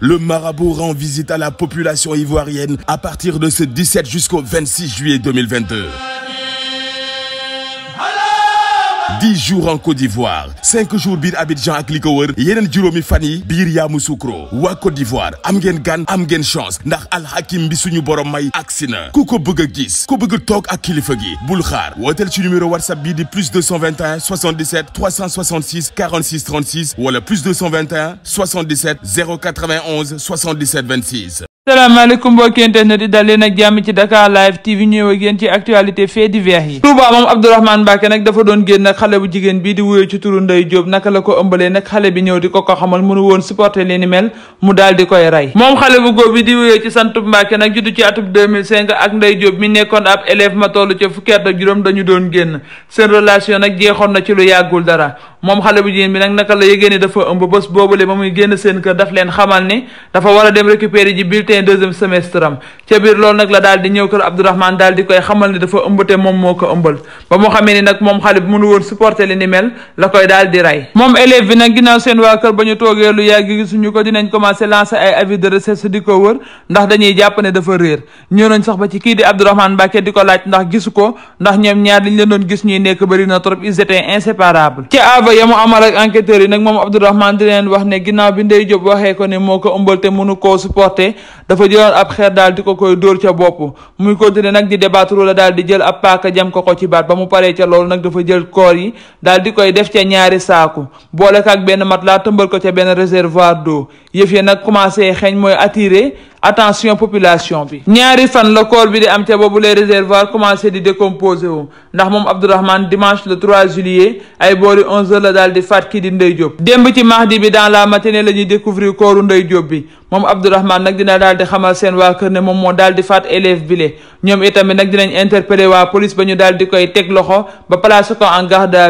Le marabout rend visite à la population ivoirienne à partir de ce 17 jusqu'au 26 juillet 2022. dix jours en Côte d'Ivoire cinq jours biir Abidjan ak li ko wër yeneen juróomi fan yi biir Yamoussoukro waa Côte d'Ivoire am ngeen gan am ngeen chance ndax alxakim bi suñu borom may agsi na ku ko bëgg a gis ku bëgg a toog ak kilifa gi bul xaar wooteel ci numéro whatsapp bii di plus 221 77 366 46 36 wala plus 221 77 091 77 26 salaamaaleykum mbokki internet yi dal leen ak jàmm ci Dakar Live TV ñëw ak yéen ci actualité fait divers yi Touba moom Abdourahmane Mbacké nag dafa doon génn nag xale bu jigéen bii di wuyoo ci turu Ndeye Diop naka la ko ëmbalee nag xale bi ñëw di ko ko xamal mënu woon supporter li ni mel mu daal di koy rey moom xale bu góor bi di wuyoo ci santub Mbacké nag juddu ci atub 2005 ak Ndeye Diop mi nekkoon ab élève ma toll ca fukki at ak juróom dañu doon génn seen relation nag jeexoon na ci lu yàggul dara moom xale bu jigéen bi nag naka la yëgée ni dafa ëmb bés boobule ba muy génn seen kër daf leen xamal ni dafa war a dem récupérer ji bulletin deuxième semestre am ca biir nag la daal di ñëw kër Abdourahmane daal di koy xamal ni dafa ëmb te moom moo ko ëmbal ba mu xamee ni nag moom xale bi mënu supporter li la koy daal di rey moom élève bi nag ginnaaw seen waa kër ba ñu toogee lu yàgg gisuñu ko dinañ commencé lancer ay avis de recherche di ko wër ndax sax ba ci kii di Abdourahmane di ko laaj ndax gisu ko ndax ñoom ñaar liñ doon gis ñuy nekk bëri na trop ils yamu mu ak enquêteurs yi nag moom Abdourahmane di leen wax ne ginnaaw bi Ndeye Diop waxee ko ne moo ko ëmbal te nu koo supporter dafa jëloon ab xeer daal di ko koy dóor ca bopp muy continuer nag di débattre daal di jël ab paaka jam ko ko ci baat ba mu paree ca loolu nag dafa jël koor yi daal di koy def ca ñaari saaku boole ko ak benn mat laa tëmbal ko ca benn réservoir d'eau yëf ya nag commencé xeeñ mooy attiré attention population bi ñaari fan la corps bi di am ca boobu les réservoirs commencé di décomposé wu ndax moom Abdourahmane dimanche le 3 juillet ay boori 11h la daal di faat kii di Ndeye Diop démb ci mardi bi dans la matinée la ñuy découvrir kooru Ndeye Diop bi moom Abdourahmane nag dina daal di xamal seen waa kër ne moom moo daal di faat élève bi le ñoom itamit nag dinañ interpellé waa police ba ñu daal di koy teg loxo ba placé ko en garde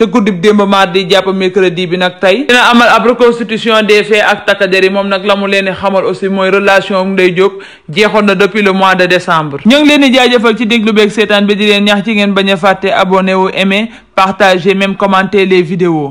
ca guddib démb di jàpp mercredi bi nag tey dina amal ab reconstitution des faits ak takkader yi moom nag lamu mu leen xamal aussi mooy relation Ndeye Diop jeexoon na depuis le mois de décembre ñu ngi leen di jaajëfal ci déglu beeg seetaan bi di leen ñax ci ngeen bañ a fàtte abonné wu aimer partager même commenter les vidéos